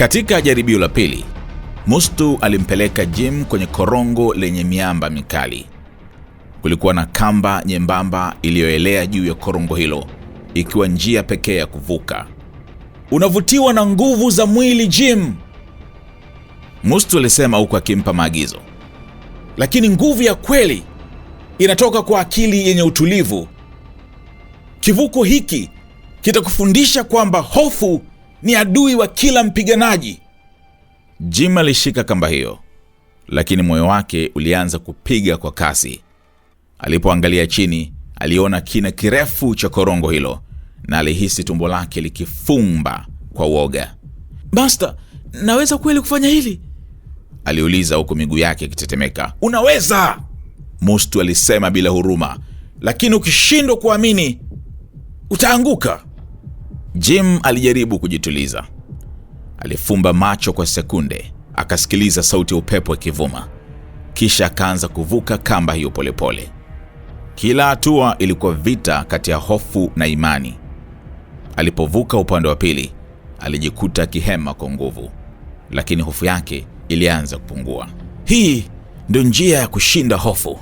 Katika jaribio la pili, Mustu alimpeleka Jim kwenye korongo lenye miamba mikali. Kulikuwa na kamba nyembamba iliyoelea juu ya korongo hilo, ikiwa njia pekee ya kuvuka. Unavutiwa na nguvu za mwili Jim, Mustu alisema huku akimpa maagizo, lakini nguvu ya kweli inatoka kwa akili yenye utulivu. Kivuko hiki kitakufundisha kwamba hofu ni adui wa kila mpiganaji. Jim alishika kamba hiyo, lakini moyo wake ulianza kupiga kwa kasi. Alipoangalia chini, aliona kina kirefu cha korongo hilo na alihisi tumbo lake likifumba kwa uoga Basta, naweza kweli kufanya hili? aliuliza huku miguu yake ikitetemeka. Unaweza, Mustu alisema bila huruma, lakini ukishindwa kuamini utaanguka. Jim alijaribu kujituliza. Alifumba macho kwa sekunde, akasikiliza sauti ya upepo ikivuma, kisha akaanza kuvuka kamba hiyo polepole Kila hatua ilikuwa vita kati ya hofu na imani. Alipovuka upande wa pili, alijikuta akihema kwa nguvu, lakini hofu yake ilianza kupungua. Hii ndio njia ya kushinda hofu,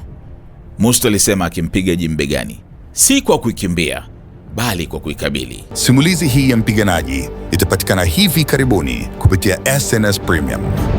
Musto alisema akimpiga Jim begani, si kwa kuikimbia bali kwa kuikabili. Simulizi hii ya mpiganaji itapatikana hivi karibuni kupitia SnS Premium.